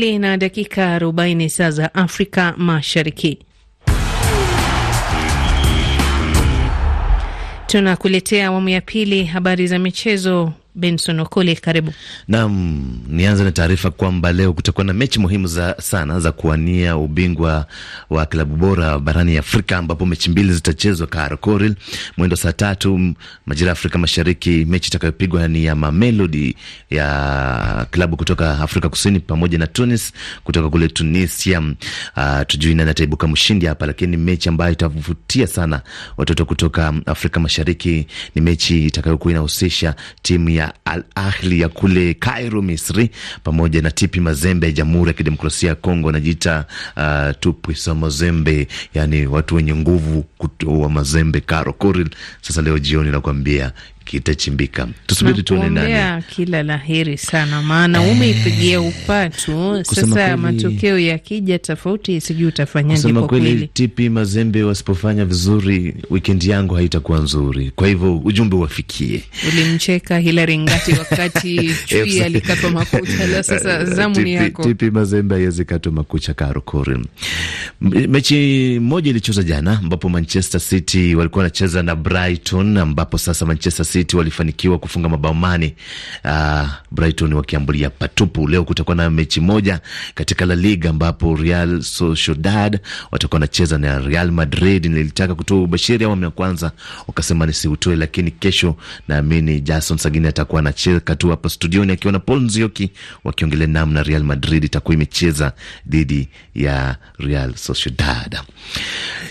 mbili na dakika arobaini saa za Afrika Mashariki. Tunakuletea awamu ya pili, habari za michezo Benson Okole, karibu. Naam, nianze na taarifa kwamba leo kutakuwa na mechi muhimu za sana za kuwania ubingwa wa klabu bora barani Afrika, ambapo mechi mbili zitachezwa Karakorum mwendo saa tatu majira ya Afrika Mashariki. Mechi itakayopigwa ni ya Mamelodi ya klabu kutoka Afrika Kusini pamoja na Tunis kutoka kule Tunisia. Uh, tujui nani ataibuka mshindi hapa, lakini mechi ambayo itavutia sana watoto kutoka Afrika Mashariki ni mechi itakayokuwa inahusisha timu ya Al Ahli ya kule Cairo, Misri, pamoja na Tipi Mazembe ya Jamhuri ya Kidemokrasia ya Kongo. Anajiita uh, Tupwisa Mazembe, yani watu wenye nguvu wa Mazembe Karo Koril. Sasa leo jioni nakuambia kitachimbika. Tusubiri tuone nani. Kila la heri sana, maana umeipigia eh. upatu. Sasa matokeo yakija tofauti, sijui utafanyaje. Kwa kweli, TP Mazembe wasipofanya vizuri, wikendi yangu haitakuwa nzuri. Kwa hivyo ujumbe wafikie. Ulimcheka Hilary Ngati wakati chui alikatwa makucha, la sasa zamu ni yako. TP Mazembe haiwezi katwa makucha karokori. Mechi moja ilichezwa jana, ambapo Manchester City walikuwa wanacheza na Brighton, ambapo sasa Manchester City walifanikiwa kufunga mabao mane, uh, ah, Brighton wakiambulia patupu. Leo kutakuwa na mechi moja katika La Liga ambapo Real Sociedad watakuwa wanacheza na Real Madrid. Nilitaka kutoa ubashiri awamu ya kwanza, wakasema nisiutoe, lakini kesho naamini Jason Sagini atakuwa anacheka tu hapa studioni akiwa na Paul Nzioki wakiongelea namna Real Madrid itakuwa imecheza dhidi ya Real Sociedad.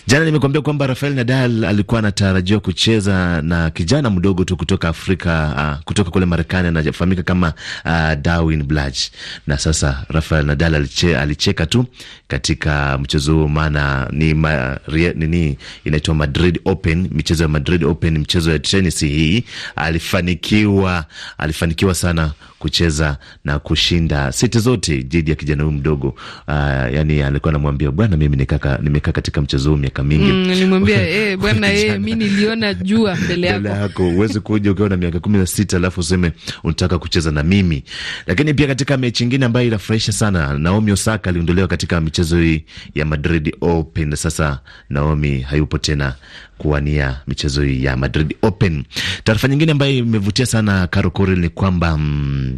Jana nimekuambia kwamba Rafael Nadal alikuwa anatarajiwa kucheza na kijana mdogo mtu kutoka Afrika uh, kutoka kule Marekani anafahamika kama uh, Darwin Blanch, na sasa Rafael Nadal aliche, alicheka tu katika mchezo huo, maana ni ma, nini inaitwa Madrid Open, michezo ya Madrid Open, mchezo ya tenisi hii. Alifanikiwa, alifanikiwa sana kucheza na kushinda seti zote dhidi ya kijana huyu mdogo uh, yani alikuwa anamwambia bwana, mimi nikaka nimekaa katika mchezo huu miaka mingi. Mm, nilimwambia mm, eh bwana eh, mimi niliona jua mbele yako, uwezi huwezi kuja ukiwa na miaka kumi na sita alafu useme unataka kucheza na mimi. Lakini pia katika mechi ingine ambayo inafurahisha sana, Naomi Osaka aliondolewa katika michezo hii ya Madrid Open. Sasa Naomi hayupo tena kuwania michezo hii ya Madrid Open. Taarifa nyingine ambayo imevutia sana Karokore ni kwamba mm,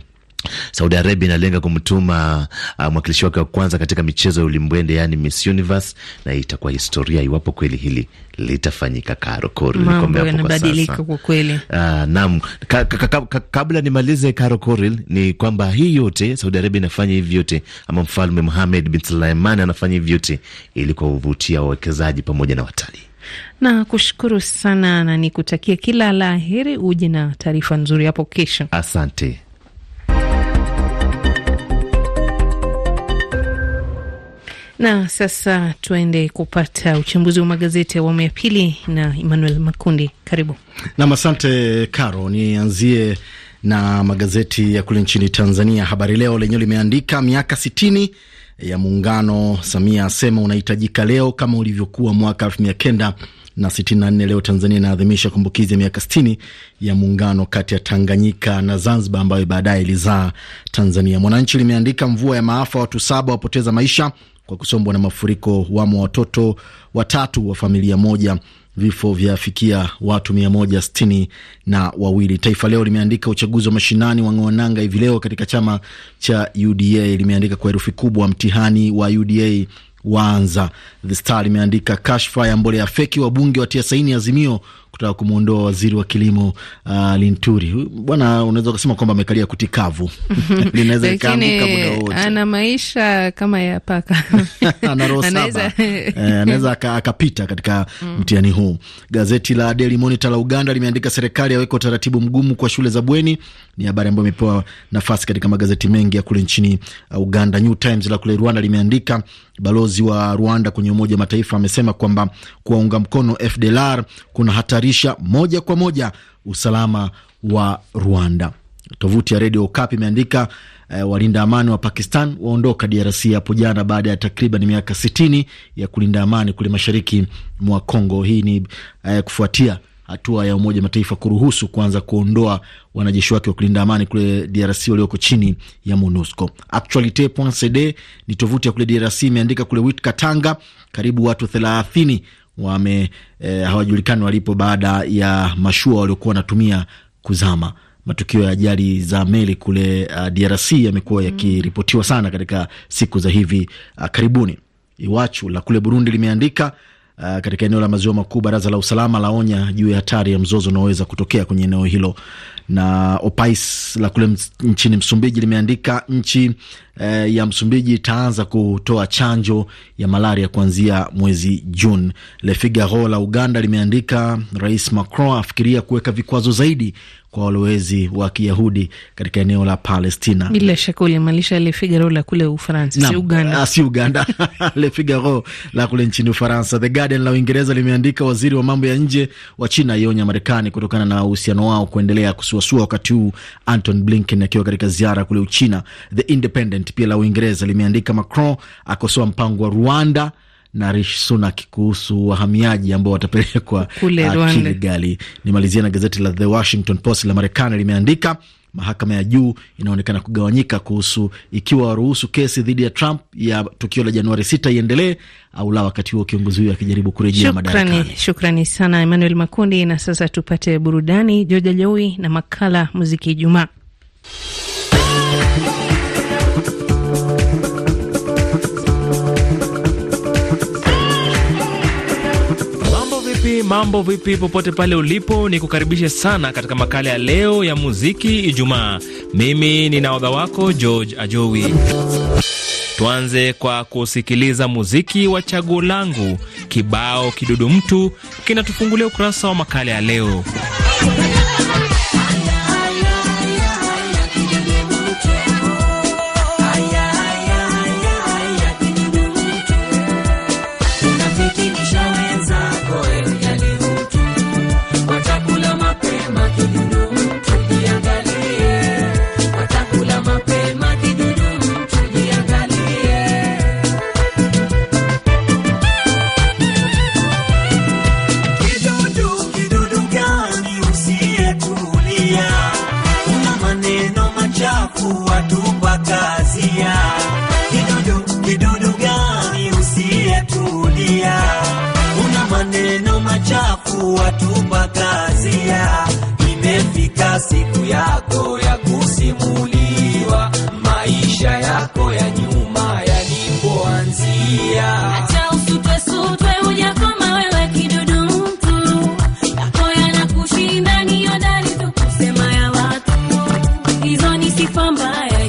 Saudi Arabia inalenga kumtuma uh, mwakilishi wake wa kwanza katika michezo ya ulimbwende yani Miss Universe, na itakuwa historia iwapo kweli hili litafanyika. Karokori yanabadilika kwa kweli. Uh, naam ka, ka, ka, ka, kabla nimalize Koril, ni kwamba hii yote Saudi Arabia inafanya hivi yote, ama mfalme muhamed bin Sulaiman anafanya hivi yote ili kuwavutia wawekezaji pamoja na watalii na kushukuru sana na nikutakie kila la heri, uje na taarifa nzuri hapo kesho. Asante. Na sasa tuende kupata uchambuzi wa magazeti ya awamu ya pili na Emmanuel Makundi. Karibu nam. Asante Caro, nianzie na magazeti ya kule nchini Tanzania. Habari Leo lenyewe limeandika miaka sitini ya Muungano, Samia asema unahitajika leo kama ulivyokuwa mwaka elfu mia kenda na 64. Leo Tanzania inaadhimisha kumbukizi ya miaka 60 ya muungano kati ya Tanganyika na Zanzibar ambayo baadaye ilizaa Tanzania. Mwananchi limeandika mvua ya maafa, watu saba wapoteza maisha kwa kusombwa na mafuriko, wamo watoto watatu wa familia moja. Vifo vyafikia watu mia moja sitini na wawili. Taifa Leo limeandika uchaguzi wa mashinani ng'oananga hivi leo katika chama cha UDA, limeandika kwa herufi kubwa mtihani wa UDA waanza. The Star limeandika kashfa ya mbolea feki, wabunge watia saini azimio kutaka kumwondoa waziri wa kilimo uh, Linturi. Bwana, unaweza ukasema kwamba amekalia kuti kavu linaweza ikaanguka muda wote. Ana maisha kama ya paka ana roho saba anaweza eh, anaweza akapita katika mm, mtihani huu. Gazeti la Daily Monitor la Uganda limeandika serikali yaweka utaratibu mgumu kwa shule za bweni, ni habari ambayo imepewa nafasi katika magazeti mengi ya kule nchini uh, Uganda. New Times la kule Rwanda limeandika balozi wa Rwanda kwenye Umoja wa Mataifa amesema kwamba kuwaunga mkono FDLR kuna hata kuhatarisha moja kwa moja usalama wa Rwanda. Tovuti ya redio Okapi imeandika eh, walinda amani wa Pakistan waondoka DRC hapo jana baada ya takriban miaka 60 ya kulinda amani kule mashariki mwa congo Hii ni eh, kufuatia hatua ya Umoja Mataifa kuruhusu kuanza kuondoa wanajeshi wake wa kulinda amani kule DRC walioko chini ya MONUSCO. Actualite.cd ni tovuti ya kule DRC imeandika kule Witkatanga, karibu watu 30 wame e, hawajulikani walipo baada ya mashua waliokuwa wanatumia kuzama. Matukio ya ajali za meli kule uh, ah, DRC yamekuwa mm. yakiripotiwa sana katika siku za hivi uh, karibuni. Iwachu la kule Burundi limeandika uh, katika eneo la maziwa makuu, baraza la usalama laonya juu ya hatari ya mzozo unaoweza kutokea kwenye eneo hilo na Opais la kule nchini Msumbiji limeandika nchi eh, ya Msumbiji itaanza kutoa chanjo ya malaria kuanzia mwezi Juni. Le Figaro la Uganda limeandika Rais Macron afikiria kuweka vikwazo zaidi kwa walowezi wa Kiyahudi katika eneo la Palestina. Bila shaka ulimaanisha Le Figaro la kule Ufaransa, si Uganda, ah, si Uganda. Le Figaro la kule nchini Ufaransa. The Guardian la Uingereza limeandika waziri wa mambo ya nje wa China aionya Marekani kutokana na uhusiano wao kuendelea kusu kusuasua wakati huu Anton Blinken akiwa katika ziara kule Uchina. The Independent pia la Uingereza limeandika Macron akosoa mpango wa Rwanda na Rishi Sunak kuhusu wahamiaji ambao watapelekwa Kiligali. Uh, Nimalizia na gazeti la The Washington Post la Marekani limeandika mahakama ya juu inaonekana kugawanyika kuhusu ikiwa waruhusu kesi dhidi ya Trump ya tukio la Januari 6 iendelee au la, wakati huo kiongozi huyo akijaribu kurejea madarakani. Shukrani sana Emmanuel Makundi. Na sasa tupate burudani Joja Jowi na makala muziki Ijumaa. vipi? Mambo vipi popote pale ulipo, ni kukaribishe sana katika makala ya leo ya muziki Ijumaa. Mimi ni naodha wako George Ajowi. Tuanze kwa kusikiliza muziki wa chaguo langu. Kibao kidudu mtu kinatufungulia ukurasa wa makala ya leo. siku yako ya kusimuliwa, maisha yako ya nyuma yalipoanzia. Acha hujakoma wewe ya watu. Hizo ni sifa mbaya,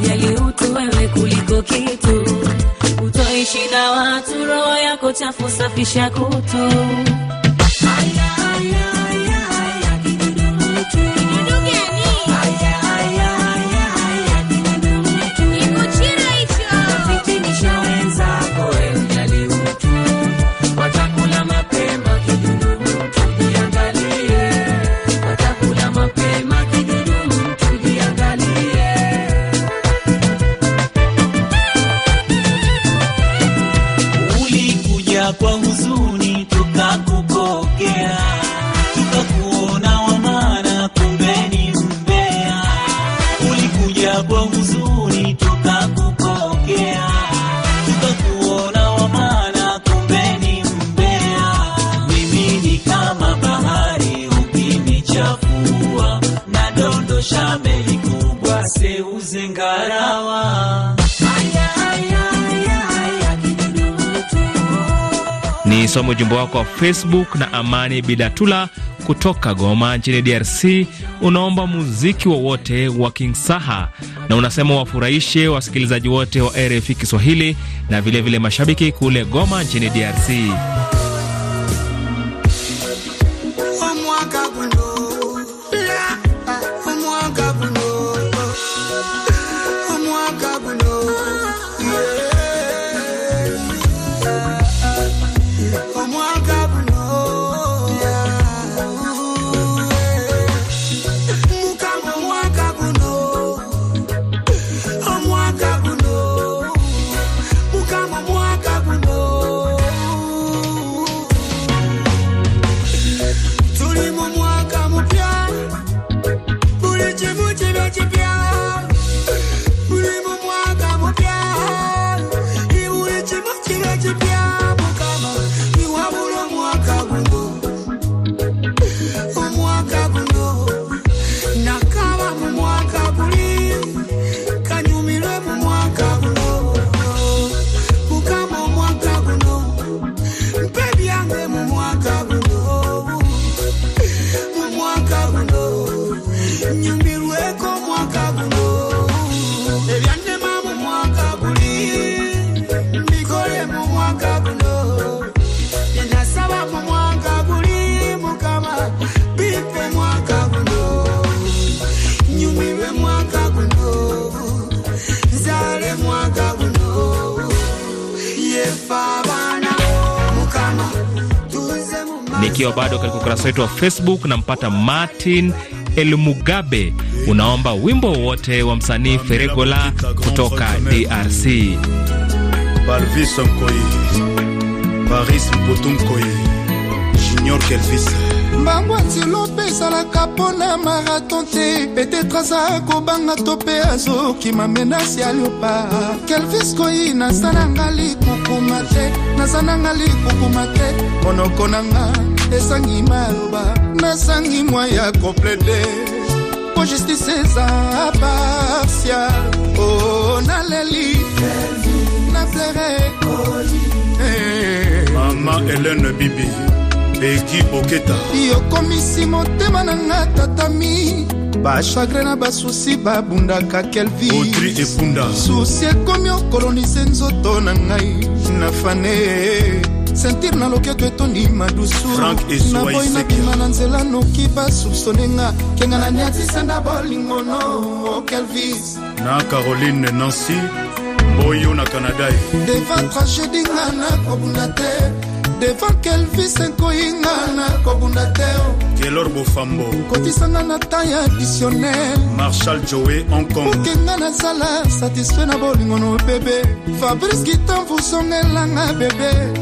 wewe kuliko kitu, utoishi na watu. Roho yako chafu, safisha kutu Zingarawa. Ni somo ujumbe wako wa Facebook na Amani Bidatula kutoka Goma nchini DRC. Unaomba muziki wowote wa, wa King Saha na unasema wafurahishe wasikilizaji wote wa RFI Kiswahili na vilevile vile mashabiki kule Goma nchini DRC. ikiwa bado katika ukurasa wetu wa Facebook, nampata Martin Elmugabe, unaomba wimbo wote wa msanii Feregola kutoka DRC. mbango antilope ezalaka mpona maraton te petetre aza kobanga to mpe azokima menasi ya liopa kelvis koi naza likukuma te naza likukuma te monoko nanga mokili esangi maloba nasangi mwa ya komplete po justice eza partial o oh, naleli naflere eh. mama elene bibi beki boketa yokomisi motema na nga tatami bachagre na basusi babundaka kelviotri ebunda susi ekomi okolonise nzoto na ngai na fane sentire na loketo etondi madusunaboyi nabima na nzela noki basupsone nga kenga na niatisenda bolingono okelvis oh, na caroline nancy mboyo na canada devant tragédie nga nakobunda te devant kelvis ekoyinga na kobunda te kelor oh. bofambo kotisanga na tan ya additionnel marshal joe hongkongkokenga nazala satisfait na bolingo no bebe fabrice kitan vusongelanga bebe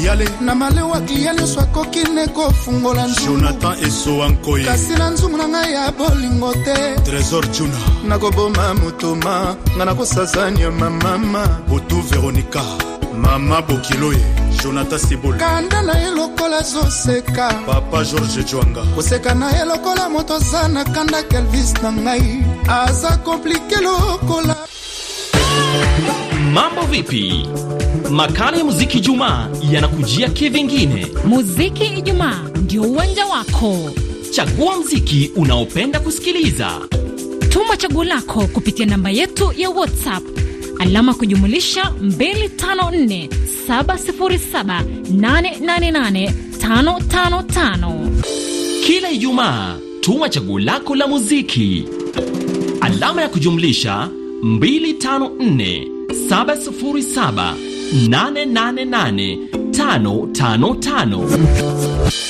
kiyale na malewa kiya nyonso akoki nde kofungola jonathan esowa nkoye kasi na nzumu na ngai ya bolingo te trésor juna nakoboma motoma ngai nakosazaniama mama botu veronika mama bokiloye jonathan sibol kanda na ye lokola zoseka papa george jwanga koseka na ye lokola moto aza na kanda kelvis na ngai aza komplike lokola mambo vipi Makala ya muziki Ijumaa yanakujia kivingine. Muziki Ijumaa ndio uwanja wako. Chagua mziki unaopenda kusikiliza, tuma chaguo lako kupitia namba yetu ya WhatsApp alama kujumulisha 254 Kila Ijumaa tuma chaguo lako la muziki alama ya kujumlisha 254 707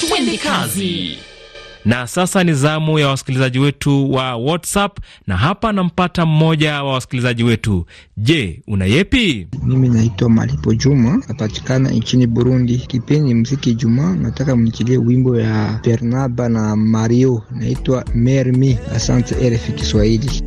Twende kazi. Na sasa ni zamu ya wasikilizaji wetu wa WhatsApp, na hapa nampata mmoja wa wasikilizaji wetu. Je, una yepi? Mimi naitwa Malipo Juma, napatikana nchini Burundi. Kipindi mziki Juma, nataka mnichilie wimbo ya Bernaba na Mario, naitwa Mermi. Asante RFI Kiswahili.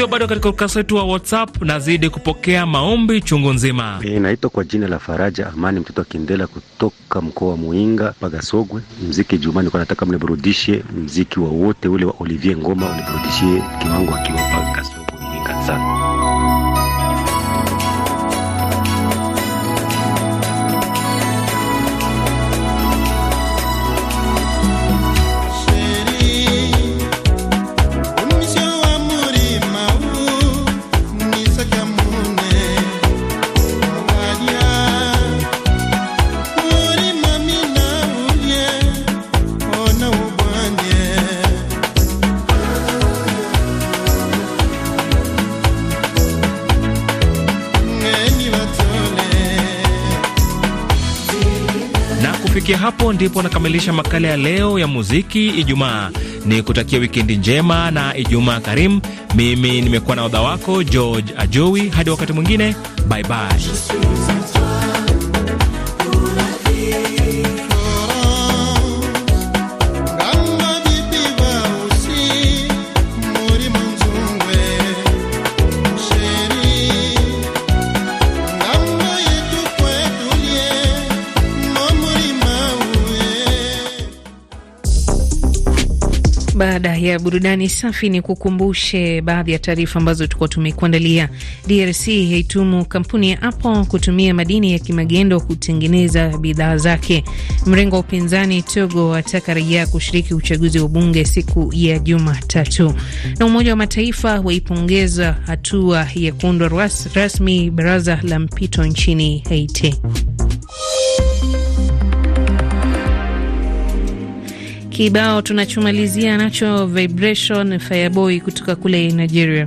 Tukiwa bado katika ukurasa wetu wa WhatsApp, nazidi kupokea maombi chungu nzima. E, naitwa kwa jina la Faraja Amani, mtoto wa Kindela kutoka mkoa wa Muinga Pagasogwe. Mziki Jumani, nilikuwa nataka mniburudishe mziki wowote ule wa Olivier Ngoma, uniburudishie kiwango akiwa Pagasogwe Muinga sana kufikia hapo ndipo nakamilisha makala ya leo ya muziki Ijumaa. Ni kutakia wikendi njema na Ijumaa karimu. Mimi nimekuwa na odha wako George Ajowi, hadi wakati mwingine, bye bye. Baada ya burudani safi, ni kukumbushe baadhi ya taarifa ambazo tulikuwa tumekuandalia. DRC haitumu kampuni ya Apple kutumia madini ya kimagendo kutengeneza bidhaa zake. Mrengo wa upinzani Togo wataka raia kushiriki uchaguzi wa bunge siku ya Jumatatu, na Umoja wa Mataifa waipongeza hatua ya kuundwa rasmi baraza la mpito nchini Haiti. Kibao tunachomalizia nacho Vibration Fireboy kutoka kule Nigeria.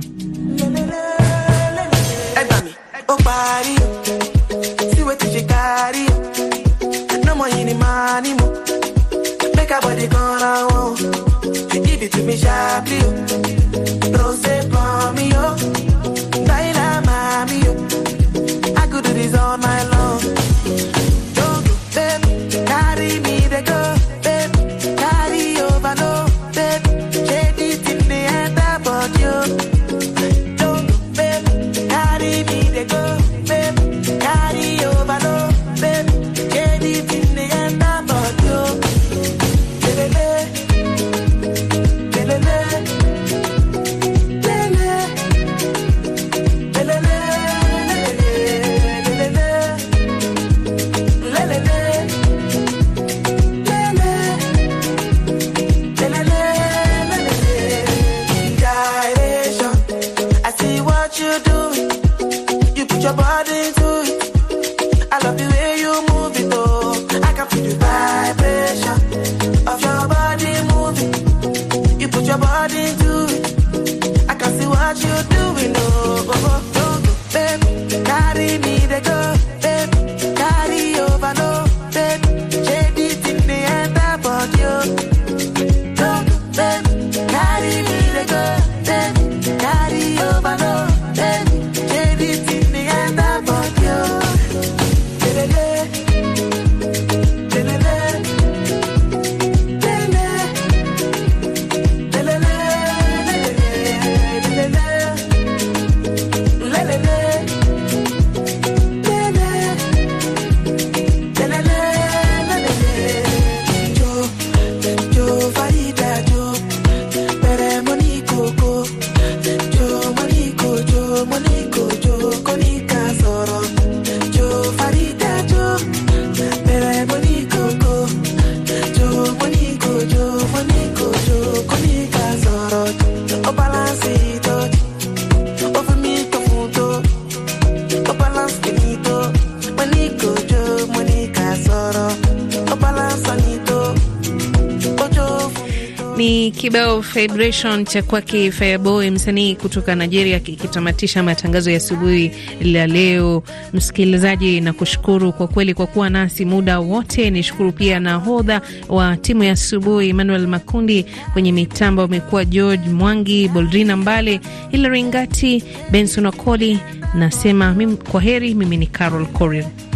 your body to ni kibao Vibration cha kwake Fireboy, msanii kutoka Nigeria, kikitamatisha matangazo ya asubuhi la leo. Msikilizaji, na kushukuru kwa kweli kwa kuwa nasi muda wote. Nishukuru pia nahodha wa timu ya asubuhi Emmanuel Makundi, kwenye mitambo amekuwa George Mwangi, Boldrina Mbale, Hilary Ngati, Benson Okoli. Nasema mimi kwa heri. Mimi ni Carol Corir.